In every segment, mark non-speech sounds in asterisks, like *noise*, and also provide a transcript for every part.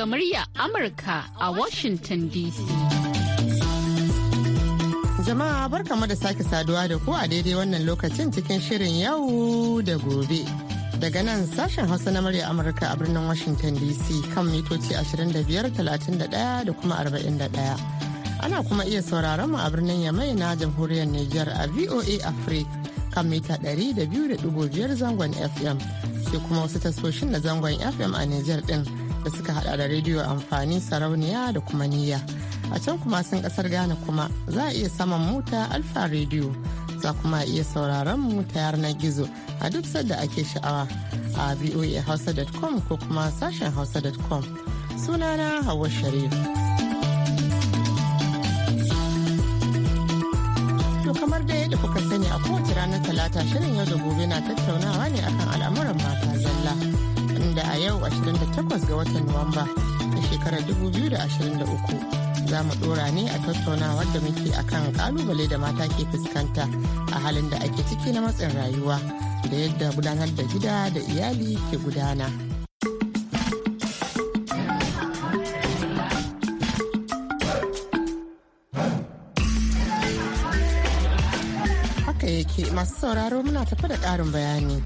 daga murya Amurka a Washington DC. Jama'a barkamu da sake saduwa da ku a daidai wannan lokacin cikin shirin yau da gobe. Daga nan sashen Hausa na murya Amurka a birnin Washington DC kan mitoci 25, 31 da kuma 41. ana kuma iya sauraron mu a birnin yamai na jamhuriyar Nijar a VOA Africa kan mita 200.5 zangon FM sai kuma wasu tasoshin na zangon FM a Nijar din da suka hada da rediyo amfani sarauniya da kuma niyya a can kuma sun kasar ghana kuma za a iya saman mota alfa rediyo za kuma iya sauraron mu ta yanar gizo a duk sadda ake sha'awa a voahausa.com ko kuma sashen hausa.com sunana hawa sharif kamar da yadda kuka sani a kowace ranar talata shirin yau da gobe na tattaunawa ne akan al'amuran mata zalla da a yau da takwas ga watan Nuwamba na shekarar dubu biyu da da ashirin uku, za mu dora ne a tattaunawar da muke kan kalubale da mata ke fuskanta a halin da ake ciki na matsin rayuwa da yadda gudanar da gida da iyali ke gudana. Haka yake masu sauraro muna tafi da ƙarin bayani.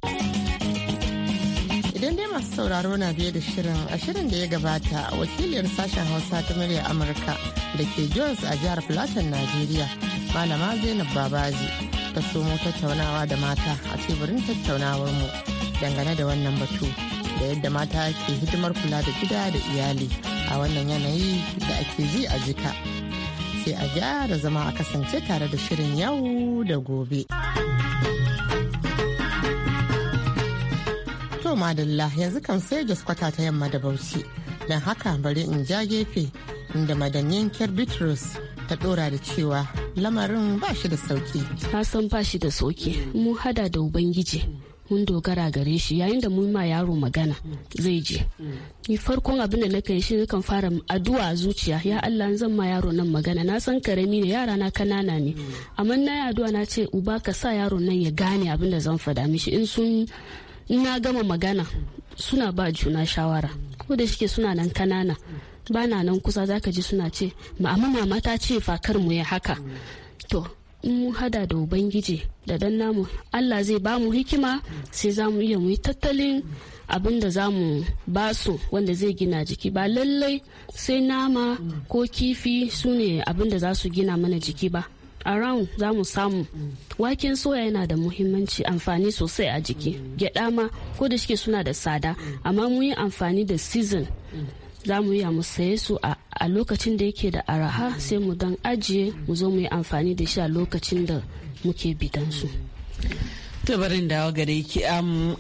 Idan dai masu sauraro na biye da shirin a shirin da ya gabata wakiliyar sashen Hausa ta murya Amurka da ke Jones a jihar filatin Najeriya, Malama Zainab Babaji ta somo tattaunawa da mata a teburin tattaunawar mu dangane da wannan batu da yadda mata ke hidimar kula da gida da iyali a wannan yanayi da ake ji a jika. Sai a gyara zama a kasance tare da shirin yau da gobe. To madalla yanzu kan sai jaskwata ta yamma da bauchi. Don haka bari in ja gefe inda madanyin bitrus ta dora da cewa lamarin ba shi da sauki. Na san ba shi da sauki, mu hada da Ubangiji. mun dogara gare shi yayin da mun ma yaro magana zai je ni farkon abin da nakan shi nakan fara addu'a zuciya ya Allah zan ma yaro nan magana na san karami ne yara na kanana ne amma na yi addu'a na ce uba ka sa yaro nan ya gane abin da zan faɗa mishi in sun na gama magana suna ba juna shawara ko da shike suna nan kanana ba na nan kusa zaka ji suna ce amma mama ta ce fakar mu ya haka to in hada da ubangiji da dan namu allah zai ba mu hikima sai za mu iya muyi tattalin abin da za mu ba su wanda zai gina jiki ba lallai sai nama ko kifi su ne abin da za su gina mana jiki ba around za mu samu waken soya yana da muhimmanci amfani sosai a jiki gyada ma ko da shike suna da tsada amma mu yi amfani da season za mu iya mu saye su a lokacin da yake da araha sai mu dan ajiye mu zo mu yi amfani da shi a lokacin da muke bidan su tabarin dawa gare ki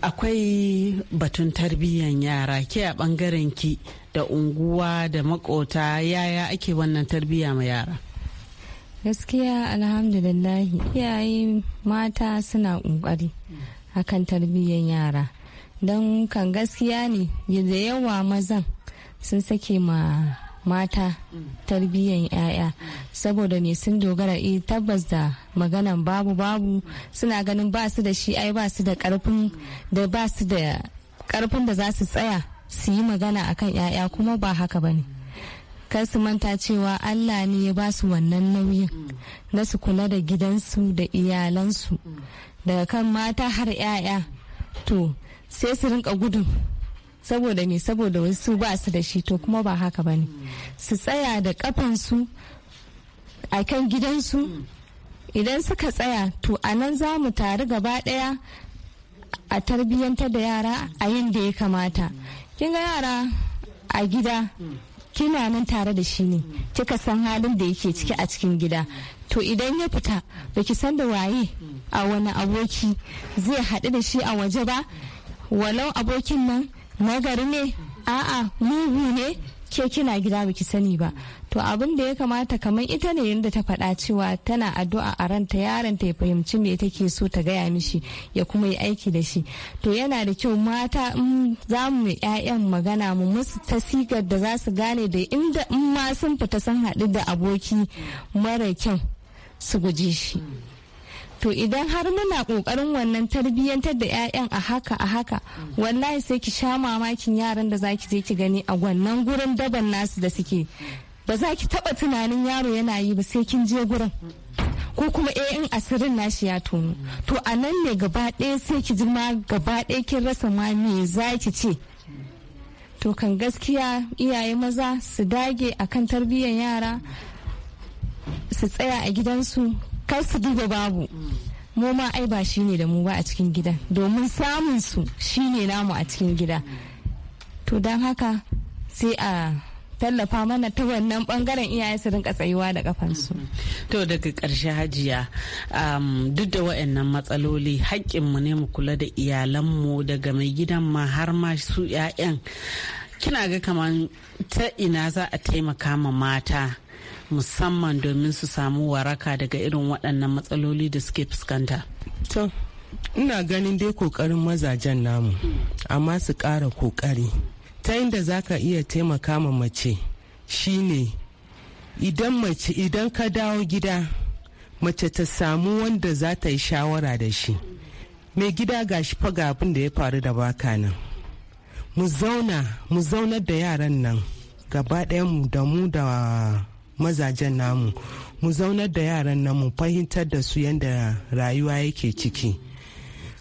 akwai batun tarbiyyan yara ke a bangaren ki da unguwa da makota yaya ake wannan tarbiyya ma yara Gaskiya alhamdulillahi iyaye mata suna ƙoƙari akan tarbiyyar yara. Don kan gaskiya ne da yawa mazan sun sake ma mata tarbiyyar 'ya'ya saboda me sun dogara e tabbas da maganan babu babu suna ganin ba su da shi ai ba su da karfin da ba su da karfin da za su tsaya su yi magana akan 'ya'ya kuma ba haka ba ne kar su manta cewa Allah ne ya ba su wannan nauyin na su kula da gidansu da iyalansu daga kan mata har 'ya'ya to sai su rinka gudun saboda ne saboda wasu ba su da shi to kuma ba haka ba ne su tsaya da kafansu a kan gidansu idan suka tsaya to a nan za mu taru gaba daya a tarbiyyantar da yara a yin da ya kamata kin ga yara a gida kina nan tare da shi ne kika san halin da yake ciki a cikin gida to idan ya fita baki san da waye a wani aboki zai haɗu da shi a waje ba walau abokin nan nagari ne a'a mugu ne ke kina gida baki sani ba to abin da ya kamata kamar ita ne yadda ta faɗa cewa tana addu'a a ranta ta ya fahimci me take so ta gaya mishi ya kuma yi aiki da shi to yana da kyau mata in za mu ƴaƴan magana mu musu ta da za su gane da inda in ma sun fita sun haɗu da aboki mara kyau su guje shi. to idan har muna kokarin wannan tarbiyyantar da 'ya'yan a haka a haka wallahi sai ki sha mamakin yaran da zaki je ki gani a wannan gurin daban nasu da suke ba za ki taba tunanin yaro yana yi ba sai kin je gurin ko kuma eh in asirin nashi ya tono to a nan ne gaba ɗaya sai ki ji ma gaba ɗaya kin rasa ma me za ki ce to kan gaskiya iyaye maza su dage akan tarbiyyar yara su tsaya a gidansu kar su duba babu mu ma ai ba shi ne da mu ba a cikin gida domin samun su shi ne namu a cikin gida to don haka sai a tallafa mana ta wannan bangaren iyaye su rinka tsayuwa da kafansu. Mm-hmm. To daga ƙarshe hajiya um, duk da wa'annan matsaloli mu ne mu kula da iyalan mu daga mai gidan ma har ma su 'ya'yan. Kina ga kamar ta ina za a taimaka ma mata musamman domin su samu waraka daga irin waɗannan matsaloli da suke fuskanta to ina ganin dai kokarin mazajen namu amma su ƙara kokari ta inda za ka iya taimaka ma mace shine idan idan ka dawo gida mace ta samu wanda za ta yi shawara da shi mai gida ga shi faga abin da ya faru da baka nan mu zauna mu zaunar da yaran nan gaba mu da mu da mazajen namu mu zaunar da yaran namu fahimtar da su yadda rayuwa yake ciki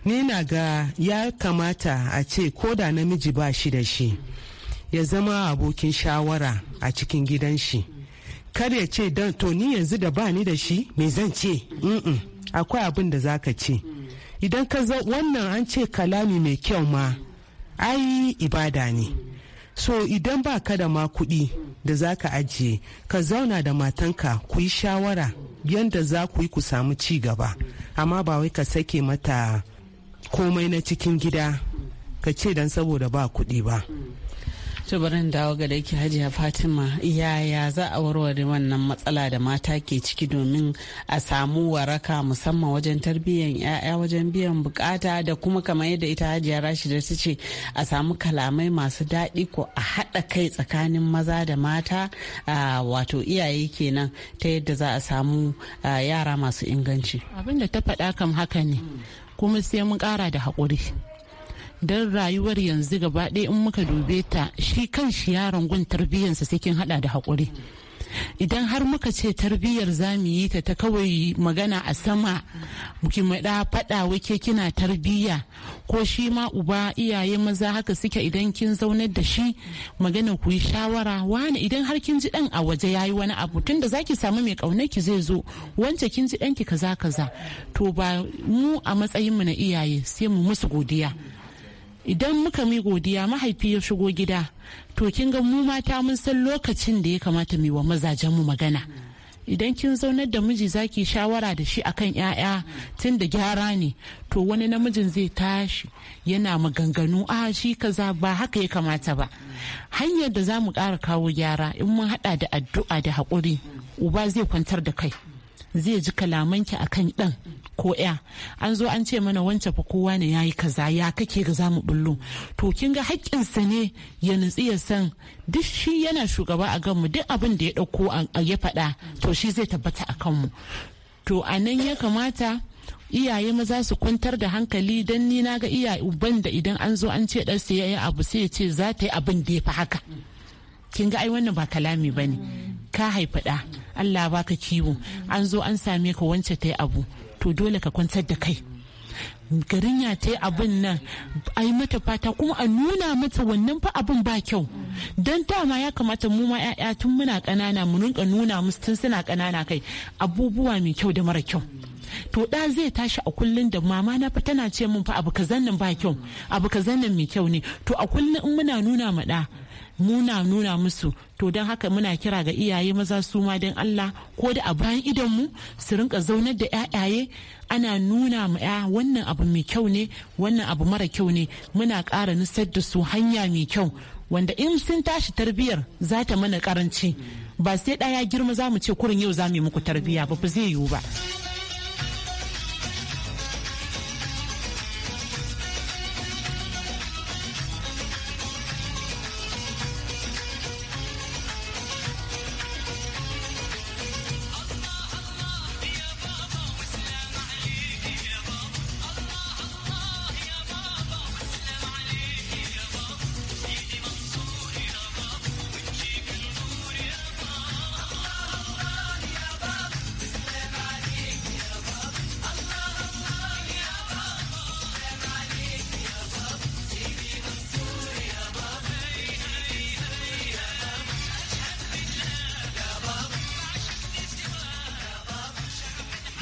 ni na ga ya kamata a ce ko da namiji ba shi da shi ya zama abokin shawara a cikin gidan shi kar ya ce don to ni yanzu da ba ni da shi me zan ce akwai abin da za ka ce idan ka za wannan an ce kalami mai kyau ma ai ibada ne so idan ba ka da ma kuɗi da za ka ajiye ka zauna da matanka ku yi shawara yadda za ku yi ku samu ci gaba amma ba wai ka sake mata komai na cikin gida ka ce don saboda ba kuɗi ba to barin dawo ga da yake hajiya fatima yaya za a warware wannan matsala da mata ke ciki domin a samu waraka musamman wajen tarbiyyar ya'ya wajen biyan bukata da kuma kamar yadda ita hajiya rashida ta ce a samu kalamai masu daɗi ko a haɗa kai tsakanin maza da mata wato iyaye kenan ta yadda za a samu yara masu inganci abin da ta faɗa kam haka ne kuma sai mun ƙara da haƙuri don rayuwar yanzu gaba ɗaya in muka dube ta shi kan shi yaron gun tarbiyyarsa sai kin hada da haƙuri idan har muka ce tarbiyyar za mu yi ta ta kawai magana a sama ki maɗa faɗa wake kina tarbiyya ko shi ma uba iyaye maza haka suke idan kin zaunar da shi magana ku yi shawara wani idan har kin ji ɗan a waje ya yi wani abu tunda za ki samu mai ƙaunar ki zai zo wance kin ji ki kaza kaza to ba mu a matsayin mu na iyaye sai mu musu godiya idan muka mi godiya mahaifi ya shigo gida to kin ga mu mata mun san lokacin da ya kamata mu wa mazajen mu magana idan kin zaunar da miji zaki shawara da shi akan 'ya'ya tun da gyara ne to wani namijin zai tashi yana maganganu a shi kaza ba haka ya kamata ba hanyar da za mu ƙara kawo gyara in mun haɗa da addu'a da haƙuri uba zai kwantar da kai zai ji kalamanki akan ɗan ko ya an zo an ce mana wance fa kowa ne yayi kaza ya kake ga zamu bullo to kin ga haƙƙinsa ne ya nutsi ya san duk shi yana shugaba a ganmu duk abin da ya ɗauko ya faɗa to shi zai tabbata a kanmu to a nan ya kamata iyaye maza su kwantar da hankali don ni na ga iyaye uban da idan an zo an ce dan ya yi abu sai ya ce za ta yi abin da ya fi haka kin ga ai wannan ba kalami ba ne ka haifa ɗa Allah baka kiwo an zo an same ka wance ta yi abu to dole ka kwantar da kai garin ya ta yi abin nan ai yi mata fata kuma a nuna mata wannan fa abin ba kyau don dama ya kamata mu ma 'ya'ya tun muna ƙanana mu rinka nuna musu tun suna ƙanana kai abubuwa mai kyau da mara kyau to da zai tashi a kullun da mama na fa tana ce mun fa abu kazan nan ba kyau abu kazan nan mai kyau ne to a kullun in muna nuna ma da muna nuna musu to don haka muna kira ga iyaye maza su ma don Allah ko da a bayan idonmu su rinka zaunar da ƴaƴaye ana nuna ma 'ya wannan abu mai kyau ne wannan abu mara kyau ne muna ƙara nusar da su hanya mai kyau wanda in sun tashi tarbiyyar za ta mana karanci ba sai ɗaya girma za mu ce kurin yau za mu yi muku tarbiyya ba ba zai yiwu ba.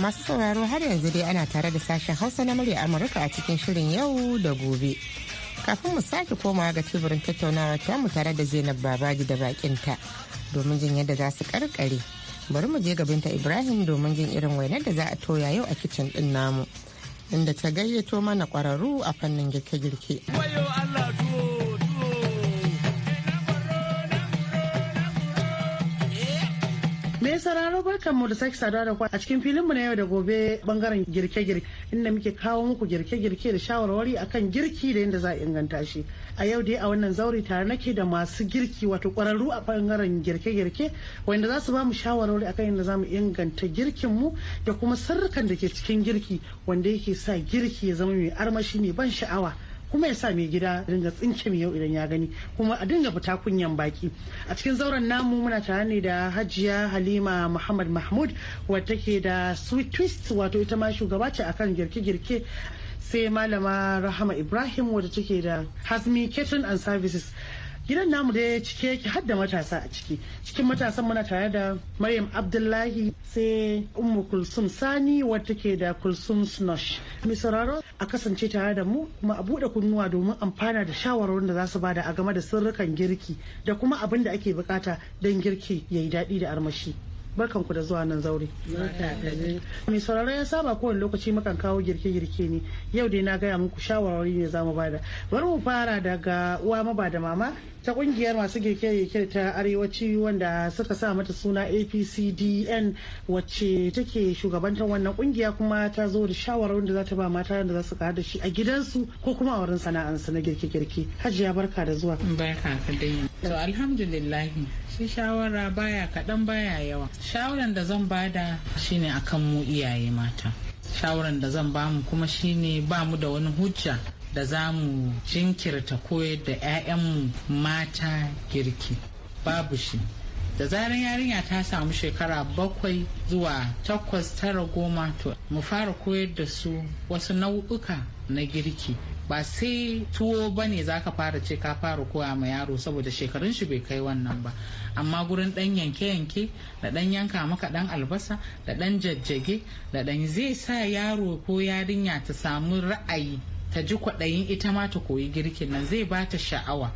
masu sauraro har yanzu dai ana tare da sashen hausa na murya amurka a cikin shirin yau da gobe kafin mu sake komawa ga teburin tattaunawa ta mu tare da zainab babaji da bakinta domin jin yadda za su karkare bari mu je gabinta ibrahim domin jin irin wainar da za a toya yau a kicin din namu inda ta gayyato mana kwararru a fannin girke-girke. Mai sararo barkan mu da sake saduwa da ku a cikin filin mu na yau da gobe bangaren girke-girke inda muke kawo muku girke-girke da shawarwari akan girki da yadda za a inganta shi. A yau dai a wannan zauri tare nake da masu girki wato kwararru a bangaren girke-girke wanda za su ba mu shawarwari akan yadda za mu inganta girkin mu da kuma sirrikan da ke cikin girki wanda yake sa girki ya zama mai armashi mai ban sha'awa. kuma ya sa mai gida dinga tsinke mai yau idan ya gani kuma a dinga fita kunyan baki a cikin zauren namu muna tare ne da hajiya halima muhammad mahmud wadda ke da sweet twist wato ita ma shugaba ce akan girke-girke sai malama rahama ibrahim wadda take da hazmi catering and services gidan namu dai cike yake har da matasa a ciki cikin matasan muna tare da maryam abdullahi sai ummu kulsum sani wadda ke da kulsum snosh mai sauraro a kasance tare da mu kuma a buɗe kunnuwa domin amfana da shawarwarin da za su bada a game da sirrukan girki da kuma abin da ake bukata don girki ya yi daɗi da armashi barkanku da zuwa nan zaure mai sauraro ya saba kowane lokaci makan kawo girke-girke ne yau dai na gaya muku shawarwari ne zamu bada bari mu fara daga uwa maba da mama ta kungiyar masu girke-girke ta arewaci wanda suka sa mata suna apcdn wacce take shugabantar wannan kungiya kuma ta zo da shawarwarin da za ta ba mata da za su ka da shi a gidansu ko kuma a wurin sana'ansu na girke-girke hajiya barka da zuwa barka ka dai to alhamdulillah shi shawara baya kaɗan baya yawa shawaran da zan bada shine akan mu iyaye mata shawaran da zan bamu kuma shine bamu da wani hujja da za mu jinkirta koyar da 'ya'yanmu mata girki babu shi da zarar yarinya ta samu shekara bakwai zuwa takwas tara goma to mu fara koyar da su wasu nau'uka na girki ba sai tuwo ba ne za ka fara ce ka fara koya ma yaro saboda shekarun shi bai kai wannan ba amma gurin dan yanke yanke da dan yanka maka dan albasa da dan jajjage da dan zai sa yaro ko yarinya ta samu ra'ayi ta ji kwaɗayin ita ma ta koyi girkin nan zai ba ta sha'awa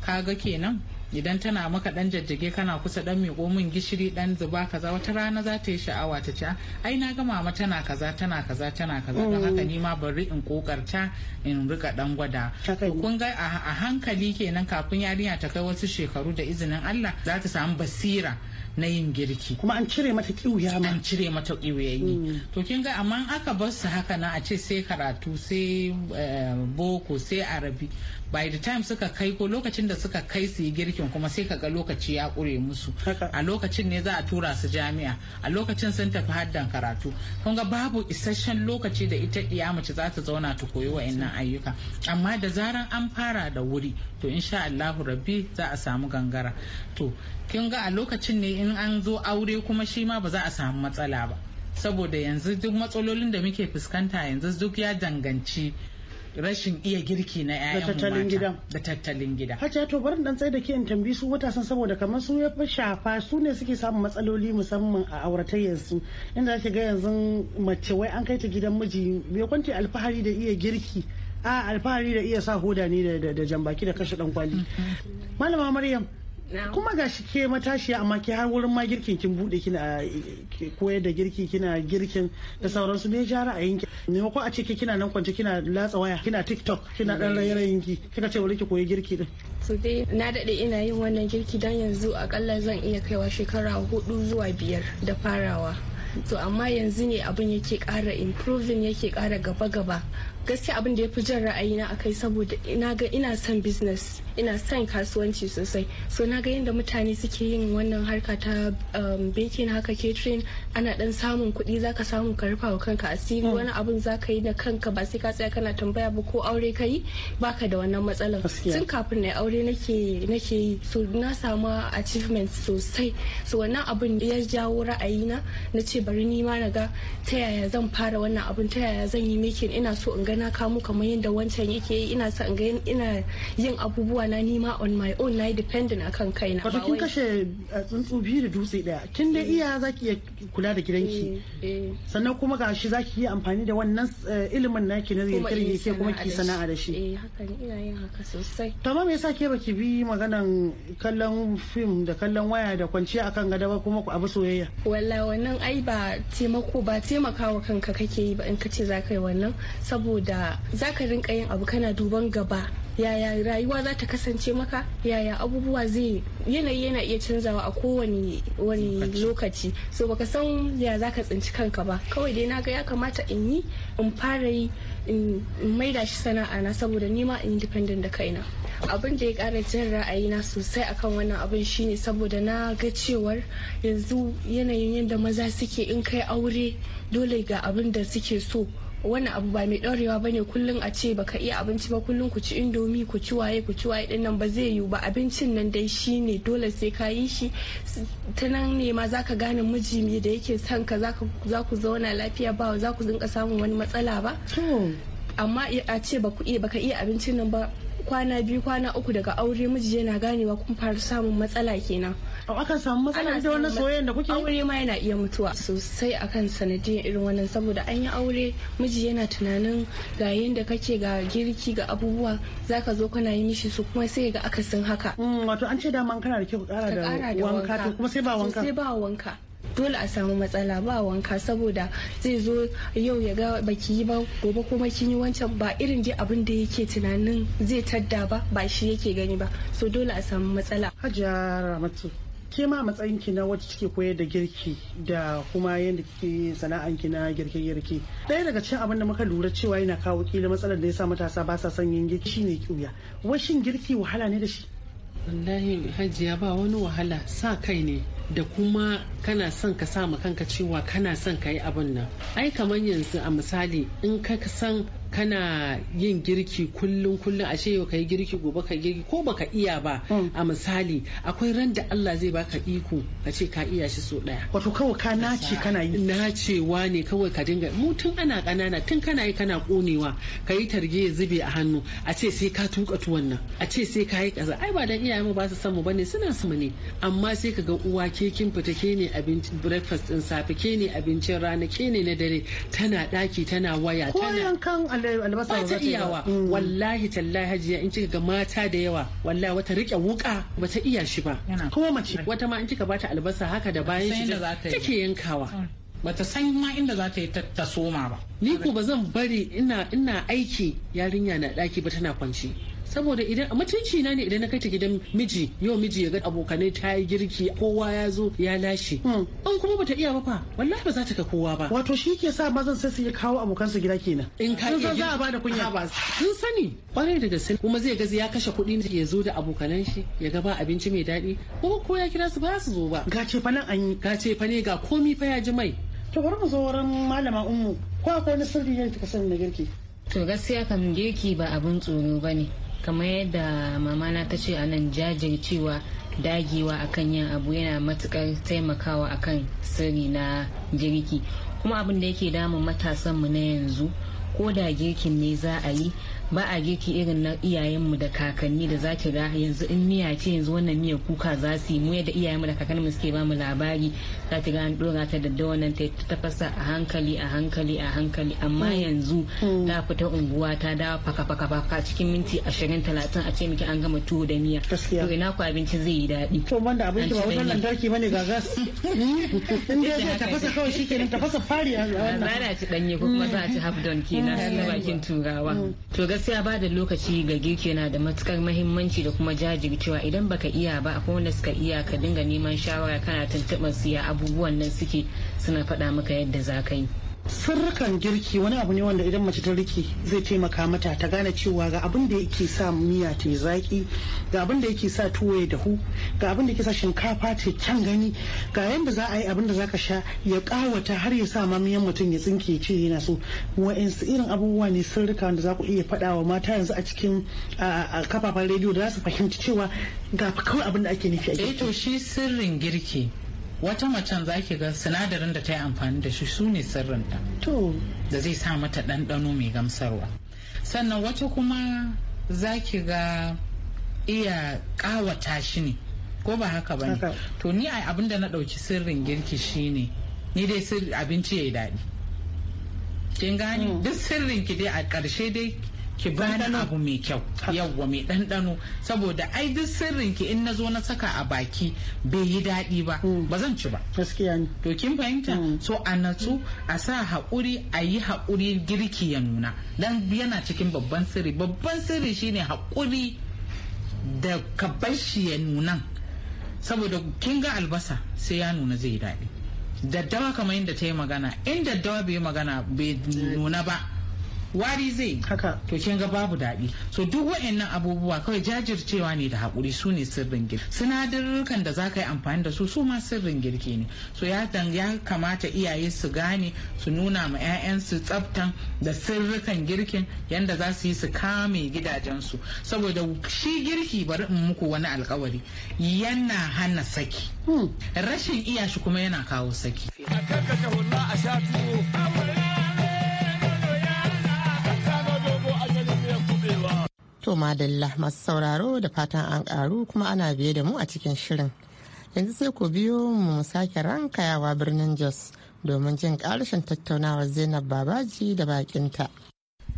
kaga kenan idan tana maka dan jajjage kana kusa dan miƙo min gishiri dan zuba kaza wata rana za ta yi sha'awa ta ce ai na ga mama tana kaza tana kaza tana kaza don haka ni ma bari in kokarta in rika dan gwada kun ga a hankali kenan kafin yarinya ta kai wasu shekaru da izinin Allah za ta samu basira na yin girki kuma an cire mata kiwuya ma an cire mata ne mm. to kin ga amma aka bar su haka na a ce sai karatu sai eh, boko sai arabi by the time suka kai ko lokacin da suka kai su yi girkin kuma sai ka ga lokaci ya ƙure musu a lokacin ne za a tura su jami'a a lokacin sun tafi haddan karatu kun ga babu isasshen lokaci da ita iya mace za ta zauna ta koyi wa'annan ayyuka amma da zaran an fara da wuri to insha Allahu rabbi za a samu gangara to kin ga a lokacin ne in an zo aure kuma shi ma ba za a samu matsala ba saboda yanzu duk matsalolin da muke fuskanta yanzu duk ya danganci rashin iya girki na 'ya'yan mata da tattalin gida da to bari dan tsaye da ke in tambi su matasan saboda kamar su ya fi shafa su ne suke samun matsaloli musamman a auratayyar su inda ake ga yanzu mace wai an kai ta gidan miji bai kwanci alfahari da iya girki a alfahari da iya sa hoda ne da jan baki da kashe dan kwali mm-hmm. malama maryam kuma ga shi ke matashiya amma ke har wurin ma girkin kin bude kina koyar da girki kina girkin da sauransu ne ja ra'ayin ki ne ko a ce kina nan kwance kina latsa waya kina tiktok kina dan rayayin ki kika ce wuri ki koyi girki din so dai na dade ina yin wannan girki dan yanzu akalla zan iya kaiwa shekara hudu zuwa biyar da farawa to amma yanzu ne abin yake kara improving yake kara gaba-gaba gaskiya abin da ya fi jan ra'ayi na kai saboda ina ga ina son business ina son kasuwanci sosai so na ga yadda mutane suke yin wannan harka ta um, bakin haka catering ana dan samun kuɗi zaka samu ka rufa wa kanka asiri hmm. wani abin zaka yi da kanka ba sai ka tsaya kana tambaya ba ko aure ka yi baka da wannan matsalar tun kafin na aure nake nake yi so na samu achievement sosai so wannan abin ya jawo ra'ayi na ce bari ni ma na ga ta yaya zan fara wannan abun ta yaya zan yi making ina so in ga ga na kamo kamar yadda wancan yake yi ina in ga ina yin abubuwa na nima on my own na dependent akan kaina wato kin kashe eh, tsuntsu biyu da dutse daya kin da eh. iya zaki iya kula da gidanki eh, sannan kuma za zaki yi amfani da wannan ilimin naki na yake kuma ki sana'a da shi eh haka ne ina yin haka sosai me yasa ke baki bi maganan kallon fim da kallon waya da kwanciya akan gada ba kuma ku abu soyayya walla wannan ai ba taimako ba taimakawa kanka kake yi ba in ka ce za ka yi wannan saboda saboda za ka rinka yin abu kana duban gaba yaya rayuwa za ta kasance maka yaya abubuwa zai yanayi yana iya canzawa a kowane wani lokaci so baka san ya za ka tsinci kanka ba kawai dai na ga ya kamata in yi in fara yi in maida shi sana'a na saboda nima in independent da kaina abin da ya kara jin na sosai akan wannan abin shine saboda na ga cewar yanzu yanayin yadda maza suke in kai aure dole ga abin da suke so wani abu ba mai ɗorewa bane kullum a ce baka iya abinci ba kullum ku ci indomi ku ci waye ku ci waye ba zai yiwu ba abincin nan dai shi ne dole sai ka yi shi ta nan ne ma za ka gane miji me da yake son ka za ku zauna lafiya ba za ku dinka samun wani matsala ba amma a ce baka iya abincin nan ba kwana biyu kwana uku daga aure miji yana ganewa kun fara samun matsala kenan A akan samu matsala da wannan soyayyar da kuke aure ma yana iya mutuwa sosai akan sanadiyar irin wannan saboda an yi aure miji yana tunanin ga yanda kake ga girki ga abubuwa zaka zo kana yi mishi su kuma sai ga akasin haka mm, wato an ce man kana da kyau kara da wanka to kuma sai ba wanka sai ba wanka dole a samu matsala ba wanka saboda zai zo yau ya ga baki yi ba gobe kuma kin yi wancan ba irin dai abin da yake tunanin zai tadda ba ba shi yake gani ba so dole a samu matsala hajjara ramatu ke ma matsayin ki na wacce kike koyar da girki da kuma yadda kike sana'an ki na girke-girke ɗaya daga cikin abin da muka lura cewa yana kawo kila matsalar da ya sa matasa ba sa son yin girki shine kiuya washin girki wahala ne da shi wallahi hajiya ba wani wahala sa kai ne da kuma kana son ka sa kanka cewa kana son ka yi abin nan ai kamar yanzu a misali in ka san kana yin girki kullum kullum ashe yau kai girki gobe ka girki ko baka iya ba hmm. a misali akwai ran da Allah zai baka iko ka ce ka iya shi so daya wato kawai ka nace kana yi nacewa ne kawai ka dinga mu tun ana kanana tun kana yi kana konewa ka yi targe ya zube a hannu a ce sai ka tuka tuwon nan a ce sai ka yi kaza ai ba dan iyaye mu ba su san mu bane suna su ne amma sai ka ga uwa ke kin fita ke ne abincin breakfast din safe ke ne abincin rana ke ne na dare tana daki tana waya tana ba ta iyawa mm. wallahi tallahi hajiya in kika ga mata da yawa wallahi wata rike wuka ba ta iya shi ba kuma mace wata ma in kika bata albasa haka da bayan shi take yankawa mm. bata san ma inda za ta yi ta soma ba ni ko ba zan bari ina ina aiki yarinya na daki ba tana kwanci saboda idan a mutunci na ne idan na kai ta gidan miji yau miji ya ga abokanai ta yi girki kowa ya zo ya lashe an hmm. kuma bata iya ba fa wallahi ba za ta ka kowa ba wato shi ke sa mazan sai su ya kawo abokansa gida kenan in ka iya za a bada kunya ba sun sani kwarai da gaske kuma zai ga ya kashe kuɗi ya zo da abokanan shi ya ga ba abinci mai daɗi kuma ko ya kira su ba su zo ba ce fa nan an yi ce fa ne ga komi fa ya ji mai to bari mu zo wurin malama ummu ko akwai wani sirri ne kika sani na girki to gaskiya kam girki ba abin tsoro bane kamar yadda mamana ta ce a nan jajircewa dagewa akan yin abu yana matukar taimakawa akan sirri na girki kuma abin da yake damun matasanmu na yanzu ko da girkin ne za a yi ba a girki irin na iyayenmu da kakanni da zaki ga yanzu in miya ce yanzu wannan miyar kuka za su yi mu yadda iyayenmu da kakanninmu suke ba mu labari za ki ga an dora ta daddawa wannan ta tafasa a hankali a hankali a hankali amma mm. yanzu mm. ta fita unguwa ta dawo faka faka faka cikin minti ashirin talatin a ce miki an gama tuwo da miya to ina ku abinci zai yi daɗi. to da abinci ba wajen lantarki ne ga gas *laughs* in dai zai tafasa kawai shi kenan tafasa fari a wannan. ba na ci ɗanye ko kuma za a ci mm. half don kenan na bakin turawa to gaskiya ba da lokaci ga girki na da matukar mahimmanci da kuma jajircewa idan baka iya ba akwai wanda suka iya ka dinga neman shawara kana tuntuɓar su ya abubuwan nan suke suna faɗa maka yadda za ka yi sirrikan girki wani abu ne wanda idan mace ta riki zai taimaka mata ta gane cewa ga abin da yake sa miya ta yi zaki ga abin da yake sa tuwo ya dahu ga abin da yake sa shinkafa ta kyan gani ga yanda za a yi abin da ka sha ya kawata har ya sa ma miyan mutum ya tsinke ce yana so wa'insu irin abubuwa ne sirrika wanda za ku iya faɗa wa mata yanzu a cikin kafafen rediyo da za su fahimci cewa ga kawai abin da ake nufi a girki. Eh to shi sirrin girki wata macen za ki ga sinadarin da ta yi amfani da shi su ne sirrinta to da zai sa mata ɗanɗano mai gamsarwa sannan wata kuma za ki ga iya ƙawata shi ne ko ba haka ba ne to ni a abin na ɗauki sirrin girki shi ne ni dai abinci ya yi daɗi kin gani mm. duk sirrin ki dai a ƙarshe dai ki bani abu mai kyau yawwa mai ɗanɗano saboda ai duk sirrin ki in nazo na saka a baki bai yi daɗi ba hmm. ba zan ci ba gaskiya ne to kin fahimta hmm. so a natsu a sa haƙuri a yi haƙuri girki ya nuna dan yana cikin babban sirri babban sirri shine haƙuri da ka ya nuna saboda kin ga albasa sai ya nuna zai daɗi daddawa kamar yadda ta yi magana in daddawa bai magana bai nuna ba wari zai haka to kin ga babu daɗi so duk waɗannan abubuwa kawai jajircewa ne da haƙuri su ne sirrin girki sinadarurrukan da za ka yi amfani da su su ma sirrin girki ne so ya ya kamata iyaye su gane su nuna ma 'ya'yansu tsaftan da sirrukan girkin yanda za su yi su kame gidajensu saboda shi girki bari in muku wani alkawari yana hana saki hmm. rashin iya kuma yana kawo saki a a sha tuwo To madalla masu sauraro da fatan an karu kuma ana biye da mu a cikin shirin. Yanzu sai ku biyo mu sake rankayawa birnin Jos domin jin karshen tattaunawar Zainab Babaji da bakinta.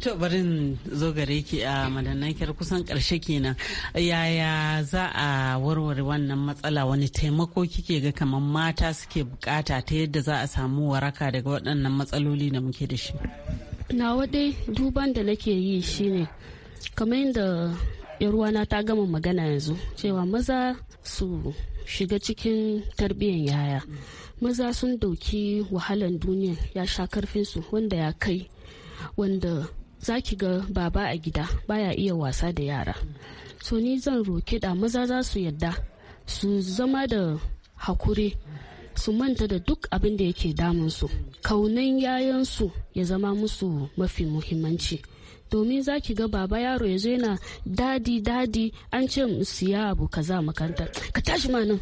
To barin zo gare ki a kyar kusan karshe kenan yaya za a warware wannan matsala wani taimako kike ga kamar mata suke bukata ta yadda za a samu waraka daga waɗannan matsaloli da muke da shi. Nawa dai duban da nake yi shine kamar yadda ruwana ta gama magana yanzu cewa maza su shiga cikin tarbiyyar yaya maza sun dauki wahalan duniya ya sha karfinsu wanda ya kai wanda za ki ga baba a gida baya iya wasa da yara so ni zan roke da maza za su yadda su zama da hakuri su manta da duk abin da yake damunsu kaunan yayansu ya zama musu mafi muhimmanci domin za ki ga baba yaro ya zo yana dadi dadi an ce mu siya abu kaza makaranta ka tashi ma nan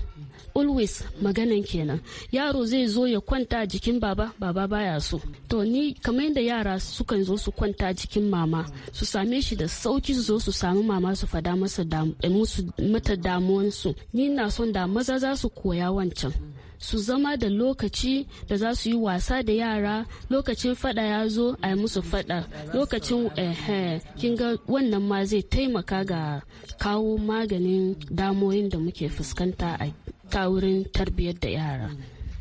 always maganan kenan yaro zai zo ya kwanta jikin baba baba baya so to ni kamar yadda yara sukan zo su kwanta jikin mama su same shi da sauki su zo su samu mama su fada masa eh, musu mata damuwansu ni na son da maza za su koya wancan su zama da lokaci da za su yi wasa da yara lokacin fada ya zo a yi musu fada lokacin ehe eh, kin ga wannan ma zai taimaka ga kawo maganin damoyin da muke fuskanta a ta wurin tarbiyyar da yara.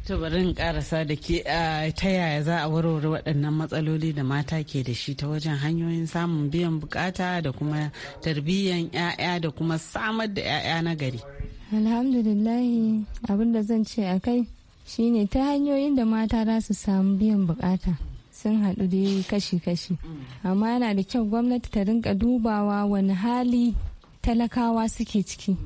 ta barin karasa da ke ta yaya za a warware waɗannan matsaloli da mata ke da shi ta wajen hanyoyin samun biyan bukata da kuma tarbiyyan 'ya'ya da kuma samar da 'ya'ya na gari alhamdulillahi abin da zan ce a kai shine ta hanyoyin da mata za su samu biyan bukata sun haɗu da kashi-kashi amma yana da kyau gwamnati ta rinka dubawa wani hali talakawa suke ciki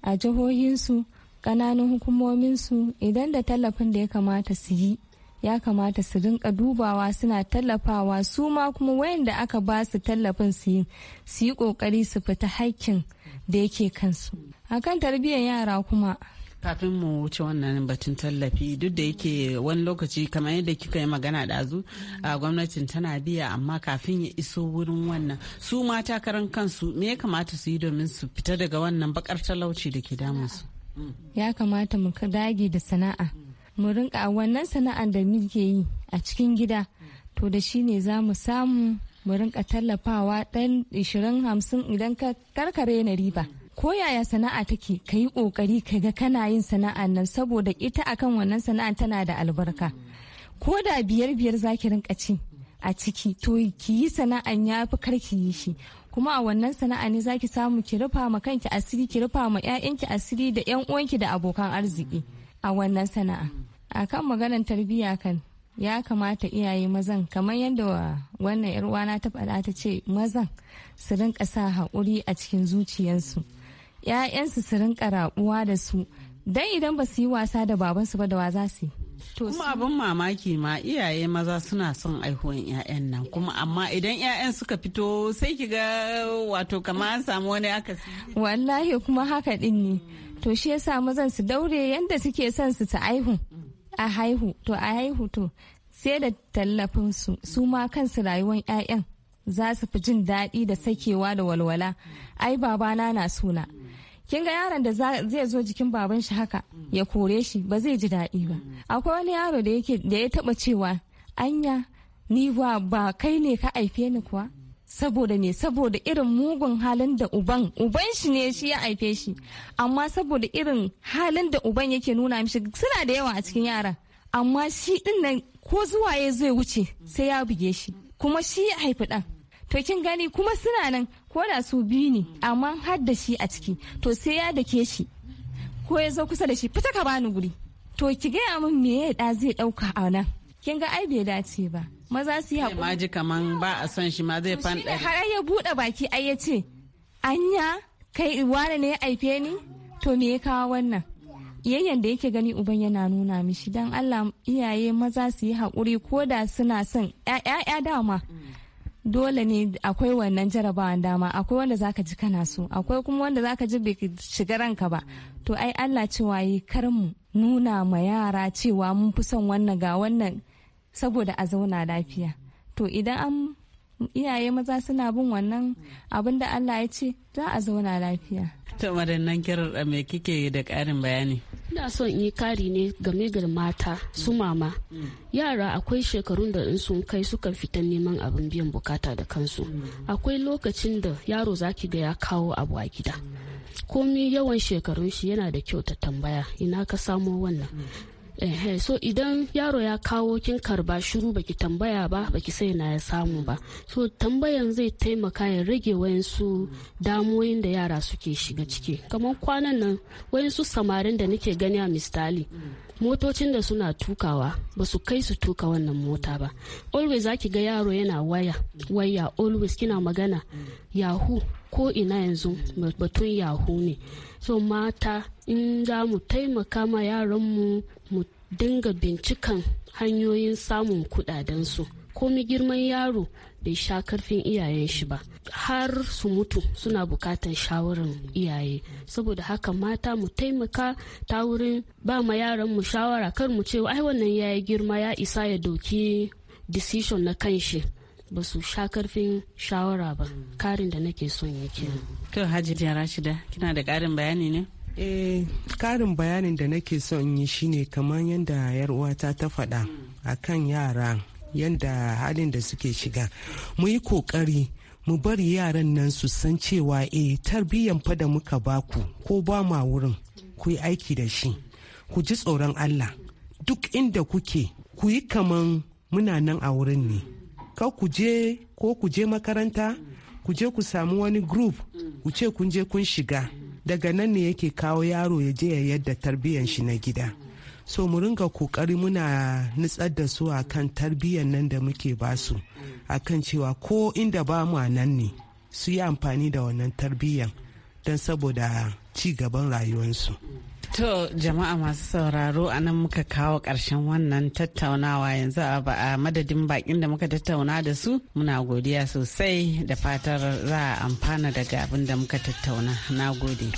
a jihohinsu ƙananan hukumominsu idan da tallafin da ya kamata su yi ya kamata su rinka dubawa suna tallafawa su ma kuma wayanda aka ba su tallafin su yi su yi ƙoƙari su fita haƙƙin da yake kansu akan tarbiyyar yara kuma kafin mu wuce wannan batun tallafi duk da yake wani lokaci kamar yadda kika yi magana ɗazu a gwamnatin tana biya amma kafin ya iso wurin wannan su mata karan kansu me ya kamata su yi domin su fita daga wannan bakar talauci da ke damunsu ya kamata mu dage da sana'a mu rinka wannan sana'ar da muke yi a cikin gida to da shi ne za mu samu mu rinka tallafawa ɗan ishirin hamsin idan ka karkare na riba ko yaya sana'a take ka yi ƙoƙari ka ga kana yin sana'ar nan saboda ita akan wannan sana'a tana da albarka ko da biyar biyar za ki rinka ci a ciki to ki yi sana'an ya fi karki yi shi kuma a wannan sana'a ne zaki samu ki rufa ma kanki asiri ki rufa ma ƴaƴanki asiri da ƴan uwanki da abokan arziki a wannan sana'a akan maganar tarbiyya kan ya kamata iyaye mazan kamar yadda wannan yar uwana ta faɗa ta ce mazan su rinka sa haƙuri a cikin zuciyarsu ‘ya'yansu su rinka rabuwa da su don idan ba su yi wasa da babansu ba da wa za su yi kuma abin mamaki ma iyaye maza suna son aihuwan 'ya'yan nan kuma amma idan 'ya'yan suka fito sai ki ga wato kama an samu wani aka wallahi kuma haka din ne to shi yasa mazan su daure yadda suke son su ta aihu a haihu to a haihu to sai da tallafin su su ma kansu rayuwar 'ya'yan za su fi jin daɗi da sakewa da walwala ai babana na suna kin ga yaron da zai zo jikin baban shi haka ya kore shi ba zai ji daɗi ba akwai wani yaro da yake da ya taba cewa anya ni ba ba kai ne ka aife ni kuwa saboda ne saboda irin mugun halin da uban uban shi ne shi ya haife shi amma saboda irin halin da uban yake nuna mishi suna da yawa a cikin yara amma shi din nan ko zuwa ya zai wuce sai ya buge shi kuma shi ya haifi ɗan to kin gani kuma suna nan ko da su biyu ne amma har da shi a ciki to sai ya dake shi ko ya zo kusa da shi fita ka bani guri to ki gaya min me ya da zai dauka a nan kin ga ai bai dace ba maza su yi hakuri ma ji kaman ba a son shi ma zai fan har ya bude baki ai ya ce anya kai wane ne ya haife ni to me ya kawo wannan yayyan da yake gani uban yana nuna mishi dan Allah iyaye maza su yi haƙuri ko da suna son yaya dama dole ne akwai wannan jarabawan dama akwai wanda zaka ji kana so akwai kuma wanda zaka ji bai shiga ranka ba to ai Allah cewa yi kar mu nuna ma yara cewa mun fi son wannan ga wannan saboda a zauna lafiya to idan an iyaye maza suna bin wannan abin da Allah ya ce za a zauna lafiya. To madannan kirar me kike da ƙarin bayani? ina son yi kari ne game da mata su mama yara akwai shekarun da in sun kai suka fita neman abin biyan bukata da kansu akwai lokacin da yaro zaki ga ya kawo abu a gida komi yawan shekarun shi yana da kyau ta tambaya ina ka samo wannan ehe so idan yaro ya kawo kin karba shiru baki tambaya ba baki sai na ya samu ba so tambayan zai taimaka ya rage wayansu damoyin da yara suke shiga ciki kamar kwanan nan wayansu samarin da nake gani a misali motocin da suna tukawa ba su kai su tuka wannan mota ba always zaki ga yaro yana waya waya always kina magana yahoo ko ina yanzu batun yahoo ne so mata in za mu taimaka ma yaranmu mu dinga bincikan hanyoyin samun kudadensu komi girman yaro bai sha karfin iyayen shi ba har su mutu suna bukatan shawarar iyaye saboda haka mata mu taimaka ta wurin ba ma yaran mu shawara kar mu ce ai wannan yayi girma ya isa ya doki decision na kanshi ba su sha karfin shawara ba karin da nake son yake. To Hajji Rashida kina da karin bayani ne? eh karin bayanin da nake son yi shine kamar yadda yar uwata ta faɗa kan yara yadda halin da suke shiga mu yi kokari mu bari yaran nan su san cewa e tarbiyyan fa da muka baku ko ba ma wurin ku yi aiki da shi ku ji tsoron Allah duk inda kuke ku yi kaman muna nan a wurin ne ka ku je ko ku je makaranta ku je ku samu wani group ku ce kun je kun shiga daga nan ne yake kawo yaro ya je ya yadda tarbiyyar shi na gida so mu ringa kokari muna nutsar da su kan tarbiyyar nan da muke basu akan cewa ko inda ba mu a nan ne su yi amfani da wannan tarbiyyar don saboda ci gaban rayuwarsu. To jama'a masu sauraro a nan muka kawo ƙarshen wannan tattaunawa yanzu a madadin bakin da muka tattauna da su muna godiya sosai da fatar za a amfana daga abin da muka tattauna. Na gode.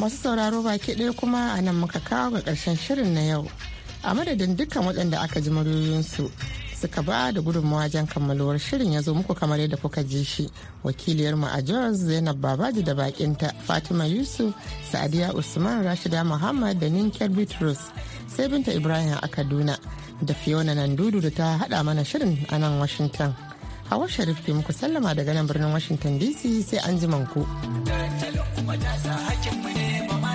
masu sauraro baki ɗaya kuma a nan muka kawo ga ƙarshen shirin na yau a madadin dukkan waɗanda aka ji su suka ba da gudunmawa jan kammaluwar shirin ya zo muku kamar yadda kuka ji shi wakiliyarmu a jos zainab babaji da bakinta fatima yusuf sa'adiya usman rashida muhammad da ninkiyar bitrus sai binta ibrahim a kaduna da fiona dudu da ta haɗa mana shirin a nan washington hawa sharif ke muku sallama daga nan birnin washington dc sai an ji manku.